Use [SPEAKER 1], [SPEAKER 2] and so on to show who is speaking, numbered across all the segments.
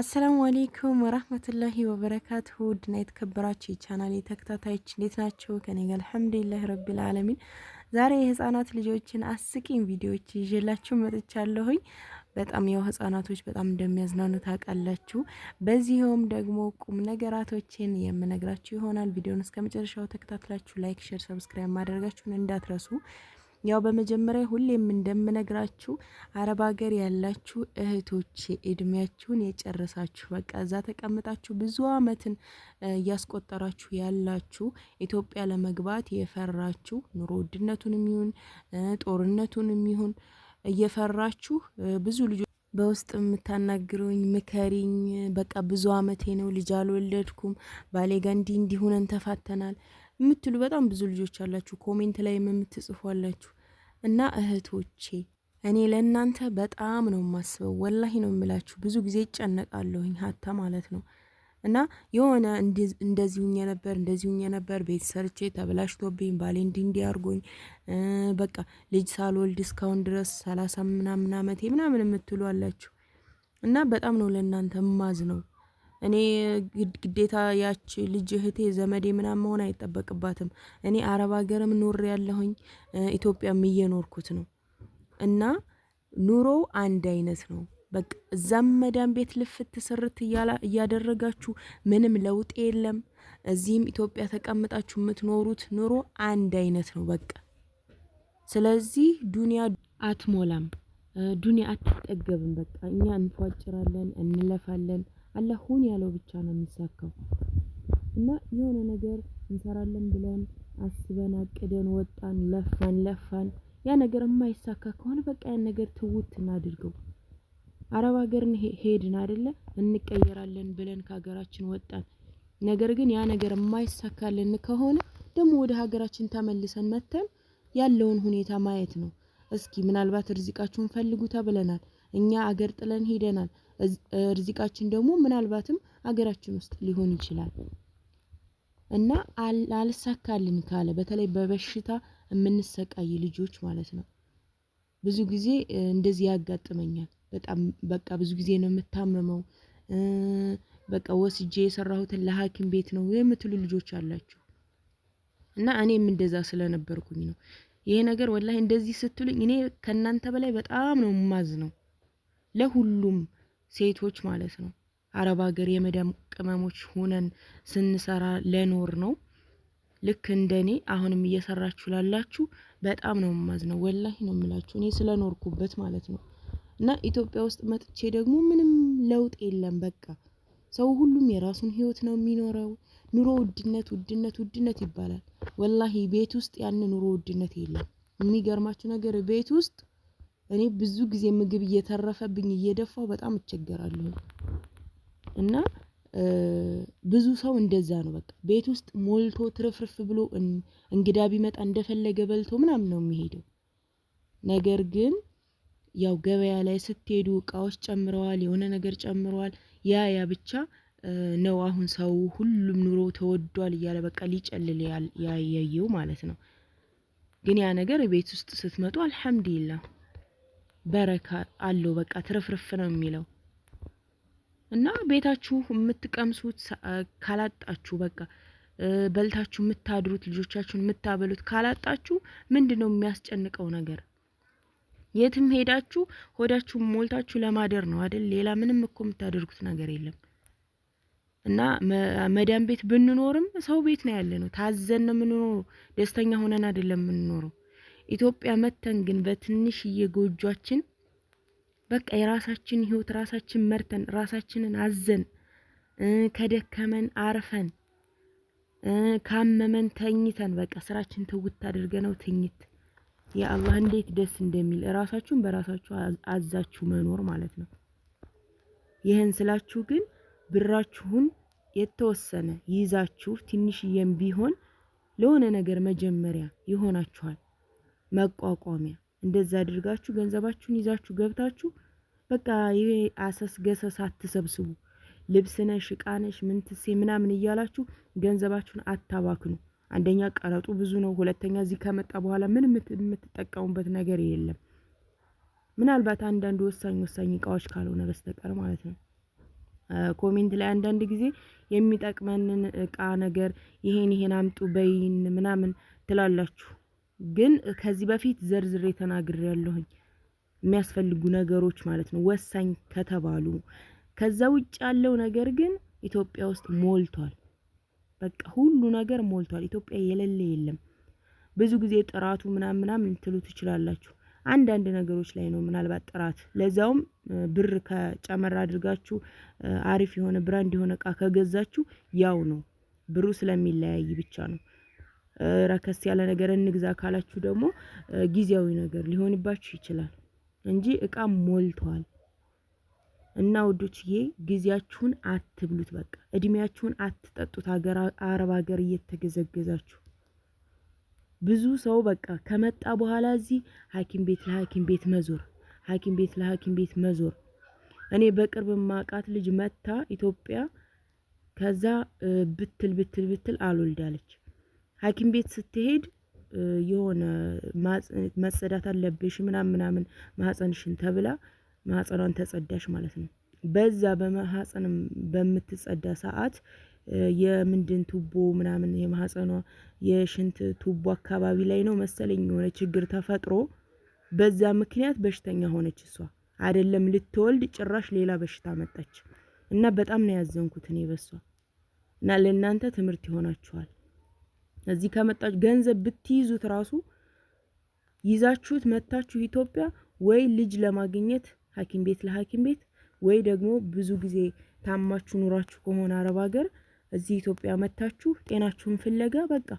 [SPEAKER 1] አሰላሙ አሌይኩም ወራህመቱላሂ ወበረካቱሁ። ውድና የተከበራችሁ የቻናል ተከታታዮች እንዴት ናቸው? ከኔ ጋር አልሐምዱሊላህ ረቢል አለሚን። ዛሬ የህፃናት ልጆችን አስቂኝ ቪዲዮዎች ይዤላችሁ መጥቻለሁኝ። በጣም ያው ህጻናቶች በጣም እንደሚያዝናኑ ታውቃላችሁ። በዚህም ደግሞ ቁም ነገራቶችን የምነግራችሁ ይሆናል። ቪዲዮን እስከ መጨረሻው ተከታትላችሁ ላይክ፣ ሼር፣ ሰብስክራይብ ማድረጋችሁን እንዳትረሱ። ያው በመጀመሪያ ሁሌም እንደምነግራችሁ አረብ ሀገር ያላችሁ እህቶች እድሜያችሁን የጨረሳችሁ በቃ እዛ ተቀምጣችሁ ብዙ አመትን እያስቆጠራችሁ ያላችሁ ኢትዮጵያ ለመግባት የፈራችሁ ኑሮ ውድነቱንም ይሁን ጦርነቱንም ይሁን እየፈራችሁ ብዙ ልጆች በውስጥ የምታናግሩኝ ምከሪኝ፣ በቃ ብዙ አመቴ ነው ልጅ አልወለድኩም፣ ባሌ ጋር እንዲህ እንዲሁነን ተፋተናል የምትሉ በጣም ብዙ ልጆች አላችሁ፣ ኮሜንት ላይ የምትጽፉ አላችሁ። እና እህቶቼ እኔ ለእናንተ በጣም ነው የማስበው፣ ወላሂ ነው የምላችሁ። ብዙ ጊዜ ይጨነቃለሁኝ ሀታ ማለት ነው እና የሆነ እንደዚሁኝ ነበር እንደዚሁኝ ነበር ቤት ሰርቼ ተበላሽቶብኝ ባሌ እንዲህ እንዲህ አድርጎኝ በቃ ልጅ ሳልወልድ እስካሁን ድረስ ሰላሳ ምናምን አመቴ ምናምን የምትሉ አላችሁ እና በጣም ነው ለእናንተ ማዝ ነው። እኔ ግዴታ ያች ልጅ እህቴ ዘመዴ ምናም መሆን አይጠበቅባትም። እኔ አረብ ሀገርም ኖር ያለሁኝ ኢትዮጵያም እየኖርኩት ነው። እና ኑሮ አንድ አይነት ነው። በቃ እዛም መዳን ቤት ልፍት ስርት እያደረጋችሁ ምንም ለውጥ የለም። እዚህም ኢትዮጵያ ተቀምጣችሁ የምትኖሩት ኑሮ አንድ አይነት ነው። በቃ ስለዚህ ዱንያ አትሞላም፣ ዱኒያ አትጠገብም። በቃ እኛ እንፏጭራለን፣ እንለፋለን። አላህ ሁን ያለው ብቻ ነው የሚሳካው። እና የሆነ ነገር እንሰራለን ብለን አስበን አቅደን ወጣን፣ ለፋን ለፋን፣ ያ ነገር የማይሳካ ከሆነ በቃ ያን ነገር ትውት እናድርገው። አረብ ሀገርን ሄድን አይደለ እንቀየራለን ብለን ከሀገራችን ወጣን። ነገር ግን ያ ነገር የማይሳካልን ከሆነ ደግሞ ወደ ሀገራችን ተመልሰን መተን ያለውን ሁኔታ ማየት ነው። እስኪ ምናልባት ርዚቃችሁን ፈልጉ ተብለናል። እኛ አገር ጥለን ሄደናል። ርዚቃችን ደግሞ ምናልባትም አገራችን ውስጥ ሊሆን ይችላል እና አልሳካልን ካለ በተለይ በበሽታ የምንሰቃይ ልጆች ማለት ነው። ብዙ ጊዜ እንደዚህ ያጋጥመኛል። በጣም በቃ ብዙ ጊዜ ነው የምታመመው። በቃ ወስጄ የሰራሁትን ለሐኪም ቤት ነው የምትሉ ልጆች አላችሁ። እና እኔም እንደዛ ስለነበርኩኝ ነው ይሄ ነገር ወላሂ እንደዚህ ስትሉኝ እኔ ከእናንተ በላይ በጣም ነው ማዝ ነው ለሁሉም ሴቶች ማለት ነው አረብ ሀገር የመዳም ቅመሞች ሆነን ስንሰራ ለኖር ነው። ልክ እንደኔ አሁንም እየሰራችሁ ላላችሁ በጣም ነው የማዝነው። ወላሂ ነው የምላችሁ እኔ ስለኖርኩበት ማለት ነው። እና ኢትዮጵያ ውስጥ መጥቼ ደግሞ ምንም ለውጥ የለም። በቃ ሰው ሁሉም የራሱን ህይወት ነው የሚኖረው። ኑሮ ውድነት ውድነት ውድነት ይባላል። ወላሂ ቤት ውስጥ ያን ኑሮ ውድነት የለም። የሚገርማችሁ ነገር ቤት ውስጥ እኔ ብዙ ጊዜ ምግብ እየተረፈብኝ እየደፋው በጣም እቸገራለሁ። እና ብዙ ሰው እንደዛ ነው በቃ ቤት ውስጥ ሞልቶ ትርፍርፍ ብሎ እንግዳ ቢመጣ እንደፈለገ በልቶ ምናምን ነው የሚሄደው። ነገር ግን ያው ገበያ ላይ ስትሄዱ እቃዎች ጨምረዋል የሆነ ነገር ጨምረዋል ያ ያ ብቻ ነው አሁን ሰው ሁሉም ኑሮ ተወዷል እያለ በቃ ሊጨልል ያየው ማለት ነው። ግን ያ ነገር ቤት ውስጥ ስትመጡ አልሐምዱሊላህ በረካ አለው። በቃ ትርፍርፍ ነው የሚለው እና ቤታችሁ የምትቀምሱት ካላጣችሁ በቃ በልታችሁ የምታድሩት ልጆቻችሁን የምታበሉት ካላጣችሁ ምንድን ነው የሚያስጨንቀው ነገር? የትም ሄዳችሁ ሆዳችሁ ሞልታችሁ ለማደር ነው አይደል? ሌላ ምንም እኮ የምታደርጉት ነገር የለም። እና መዳን ቤት ብንኖርም ሰው ቤት ነው ያለ ነው። ታዘን ነው የምንኖረው። ደስተኛ ሆነን አይደለም የምንኖረው። ኢትዮጵያ መተን ግን በትንሽዬ ጎጇችን በቃ የራሳችን ህይወት ራሳችን መርተን ራሳችንን አዘን ከደከመን አርፈን ካመመን ተኝተን በቃ ስራችን ትውት አድርገ ነው ትኝት የአላህ እንዴት ደስ እንደሚል ራሳችሁን በራሳችሁ አዛችሁ መኖር ማለት ነው። ይህን ስላችሁ ግን ብራችሁን የተወሰነ ይዛችሁ ትንሽዬም ቢሆን ለሆነ ነገር መጀመሪያ ይሆናችኋል። መቋቋሚያ እንደዛ አድርጋችሁ ገንዘባችሁን ይዛችሁ ገብታችሁ በቃ ይሄ አሰስ ገሰስ አትሰብስቡ። ልብስነሽ እቃነሽ ምንትሴ ምናምን እያላችሁ ገንዘባችሁን አታባክኑ። አንደኛ ቀረጡ ብዙ ነው፣ ሁለተኛ እዚህ ከመጣ በኋላ ምን የምትጠቀሙበት ነገር የለም። ምናልባት አንዳንድ ወሳኝ ወሳኝ እቃዎች ካልሆነ በስተቀር ማለት ነው። ኮሜንት ላይ አንዳንድ ጊዜ የሚጠቅመንን እቃ ነገር ይሄን ይሄን አምጡ በይን ምናምን ትላላችሁ። ግን ከዚህ በፊት ዘርዝሬ ተናግሬ ያለሁኝ የሚያስፈልጉ ነገሮች ማለት ነው ወሳኝ ከተባሉ። ከዛ ውጭ ያለው ነገር ግን ኢትዮጵያ ውስጥ ሞልቷል። በቃ ሁሉ ነገር ሞልቷል። ኢትዮጵያ የሌለ የለም። ብዙ ጊዜ ጥራቱ ምናምን ምናምን ልትሉ ትችላላችሁ። አንዳንድ ነገሮች ላይ ነው ምናልባት ጥራት፣ ለዛውም ብር ከጨመር አድርጋችሁ አሪፍ የሆነ ብራንድ የሆነ እቃ ከገዛችሁ ያው ነው ብሩ ስለሚለያይ ብቻ ነው። ረከስ ያለ ነገር እንግዛ ካላችሁ ደግሞ ጊዜያዊ ነገር ሊሆንባችሁ ይችላል እንጂ እቃ ሞልቷል። እና ውዶችዬ ጊዜያችሁን አትብሉት። በቃ እድሜያችሁን አትጠጡት። ሀገር አረብ ሀገር እየተገዘገዛችሁ ብዙ ሰው በቃ ከመጣ በኋላ እዚህ ሐኪም ቤት ለሐኪም ቤት መዞር ሐኪም ቤት ለሐኪም ቤት መዞር። እኔ በቅርብ ማቃት ልጅ መታ ኢትዮጵያ ከዛ ብትል ብትል ብትል አልወልዳለች። ሐኪም ቤት ስትሄድ የሆነ መጸዳት አለብሽ ምናምን ምናምን ማህፀንሽን ተብላ ማህፀኗን ተጸዳሽ ማለት ነው። በዛ በማህፀን በምትጸዳ ሰዓት የምንድን ቱቦ ምናምን የማህፀኗ የሽንት ቱቦ አካባቢ ላይ ነው መሰለኝ የሆነ ችግር ተፈጥሮ በዛ ምክንያት በሽተኛ ሆነች። እሷ አይደለም ልትወልድ ጭራሽ ሌላ በሽታ መጣች እና በጣም ነው ያዘንኩት እኔ በሷ እና ለእናንተ ትምህርት ይሆናችኋል። እዚህ ከመጣች ገንዘብ ብትይዙት ራሱ ይዛችሁት መታችሁ ኢትዮጵያ ወይ ልጅ ለማግኘት ሐኪም ቤት ለሐኪም ቤት ወይ ደግሞ ብዙ ጊዜ ታማችሁ ኑራችሁ ከሆነ አረብ ሀገር እዚህ ኢትዮጵያ መታችሁ ጤናችሁን ፍለጋ በቃ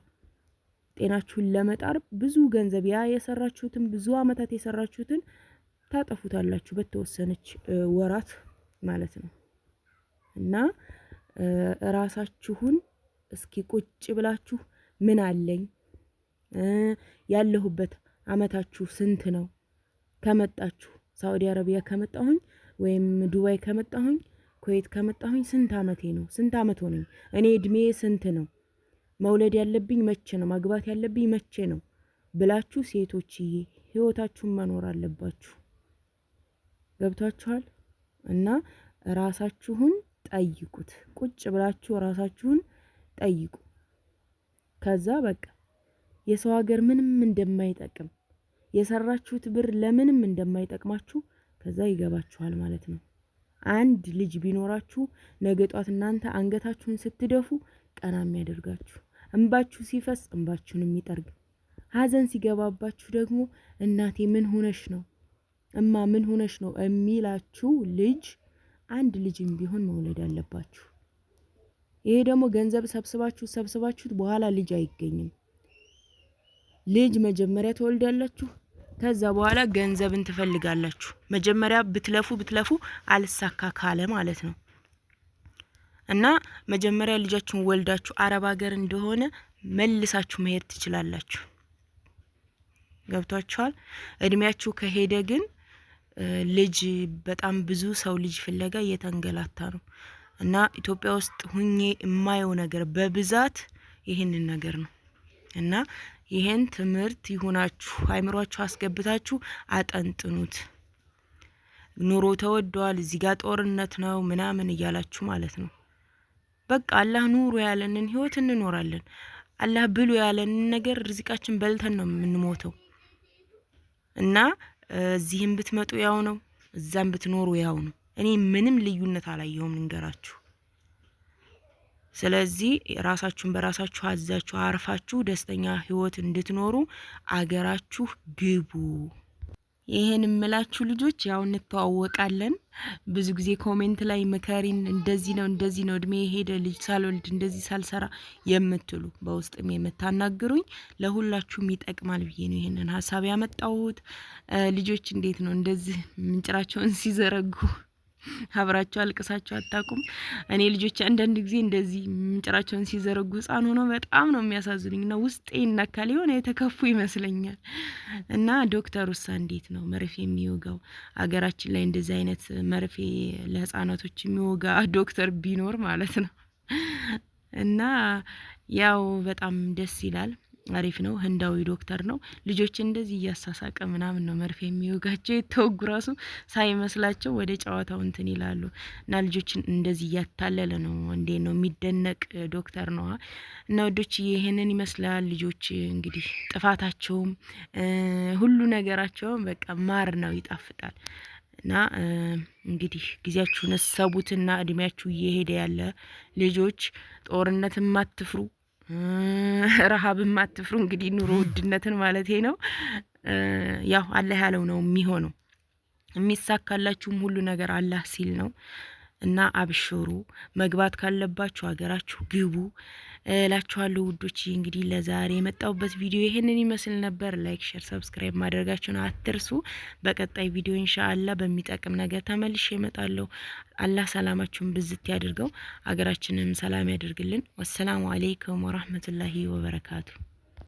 [SPEAKER 1] ጤናችሁን ለመጣር ብዙ ገንዘብ ያ የሰራችሁትን ብዙ አመታት የሰራችሁትን ታጠፉታላችሁ በተወሰነች ወራት ማለት ነው። እና ራሳችሁን እስኪ ቁጭ ብላችሁ ምን አለኝ ያለሁበት አመታችሁ ስንት ነው? ከመጣችሁ ሳውዲ አረቢያ ከመጣሁኝ ወይም ዱባይ ከመጣሁኝ ኩዌት ከመጣሁኝ ስንት አመቴ ነው? ስንት አመት ሆነኝ? እኔ እድሜ ስንት ነው? መውለድ ያለብኝ መቼ ነው? ማግባት ያለብኝ መቼ ነው? ብላችሁ ሴቶችዬ ህይወታችሁን መኖር አለባችሁ። ገብቷችኋል? እና ራሳችሁን ጠይቁት። ቁጭ ብላችሁ ራሳችሁን ጠይቁ። ከዛ በቃ የሰው ሀገር ምንም እንደማይጠቅም የሰራችሁት ብር ለምንም እንደማይጠቅማችሁ ከዛ ይገባችኋል ማለት ነው። አንድ ልጅ ቢኖራችሁ ነገ ጧት እናንተ አንገታችሁን ስትደፉ ቀና የሚያደርጋችሁ እንባችሁ ሲፈስ እንባችሁን የሚጠርግ ሀዘን ሲገባባችሁ ደግሞ እናቴ ምን ሆነሽ ነው እማ ምን ሆነሽ ነው የሚላችሁ ልጅ አንድ ልጅም ቢሆን መውለድ አለባችሁ። ይሄ ደግሞ ገንዘብ ሰብስባችሁ ሰብስባችሁት በኋላ ልጅ አይገኝም። ልጅ መጀመሪያ ትወልዳላችሁ፣ ከዛ በኋላ ገንዘብን ትፈልጋላችሁ። መጀመሪያ ብትለፉ ብትለፉ አልሳካ ካለ ማለት ነው እና መጀመሪያ ልጃችሁን ወልዳችሁ አረብ ሀገር እንደሆነ መልሳችሁ መሄድ ትችላላችሁ። ገብቷችኋል። እድሜያችሁ ከሄደ ግን ልጅ በጣም ብዙ ሰው ልጅ ፍለጋ እየተንገላታ ነው። እና ኢትዮጵያ ውስጥ ሁኜ የማየው ነገር በብዛት ይህንን ነገር ነው እና ይህን ትምህርት ይሁናችሁ፣ አይምሯችሁ አስገብታችሁ አጠንጥኑት። ኑሮ ተወደዋል፣ እዚህ ጋር ጦርነት ነው ምናምን እያላችሁ ማለት ነው። በቃ አላህ ኑሮ ያለንን ህይወት እንኖራለን። አላህ ብሎ ያለንን ነገር ርዝቃችን በልተን ነው የምንሞተው እና እዚህም ብትመጡ ያው ነው፣ እዛም ብትኖሩ ያው ነው። እኔ ምንም ልዩነት አላየሁም፣ ንገራችሁ ስለዚህ ራሳችሁን በራሳችሁ አዛችሁ አርፋችሁ ደስተኛ ህይወት እንድትኖሩ አገራችሁ ግቡ። ይህን እምላችሁ ልጆች ያው እንተዋወቃለን። ብዙ ጊዜ ኮሜንት ላይ ምከሪን፣ እንደዚህ ነው እንደዚህ ነው እድሜ የሄደ ልጅ ሳልወልድ እንደዚህ ሳልሰራ የምትሉ በውስጥም የምታናግሩኝ ለሁላችሁም ይጠቅማል ብዬ ነው ይህንን ሀሳብ ያመጣሁት። ልጆች እንዴት ነው እንደዚህ ምንጭራቸውን ሲዘረጉ አብራቸው አልቅሳቸው አታቁም። እኔ ልጆች አንዳንድ ጊዜ እንደዚህ ምንጭራቸውን ሲዘረጉ ህጻን ሆነው በጣም ነው የሚያሳዝኑኝ እና ውስጤ ይነካል። የሆነ የተከፉ ይመስለኛል። እና ዶክተር ውሳ እንዴት ነው መርፌ የሚወጋው? አገራችን ላይ እንደዚህ አይነት መርፌ ለህጻናቶች የሚወጋ ዶክተር ቢኖር ማለት ነው። እና ያው በጣም ደስ ይላል። አሪፍ ነው። ህንዳዊ ዶክተር ነው። ልጆች እንደዚህ እያሳሳቀ ምናምን ነው መርፌ የሚወጋቸው። የተወጉ ራሱ ሳይመስላቸው ወደ ጨዋታው እንትን ይላሉ። እና ልጆችን እንደዚህ እያታለለ ነው እንዴ ነው የሚደነቅ ዶክተር ነው እና ወዶች ይህንን ይመስላል። ልጆች እንግዲህ ጥፋታቸውም ሁሉ ነገራቸውም በቃ ማር ነው፣ ይጣፍጣል። እና እንግዲህ ጊዜያችሁን ሰቡትና እድሜያችሁ እየሄደ ያለ ልጆች ጦርነትም አትፍሩ። ረሃብም አትፍሩ። እንግዲህ ኑሮ ውድነትን ማለት ነው። ያው አላህ ያለው ነው የሚሆነው። የሚሳካላችሁም ሁሉ ነገር አላህ ሲል ነው። እና አብሽሩ መግባት ካለባችሁ ሀገራችሁ ግቡ እላችኋለሁ ውዶች። እንግዲህ ለዛሬ የመጣሁበት ቪዲዮ ይህንን ይመስል ነበር። ላይክ፣ ሸር፣ ሰብስክራይብ ማድረጋችሁን አትርሱ። በቀጣይ ቪዲዮ ኢንሻአላህ በሚጠቅም ነገር ተመልሼ እመጣለሁ። አላህ ሰላማችሁን ብዝት ያድርገው፣ ሀገራችንም ሰላም ያድርግልን። ወሰላሙ አሌይኩም ወራህመቱላሂ ወበረካቱ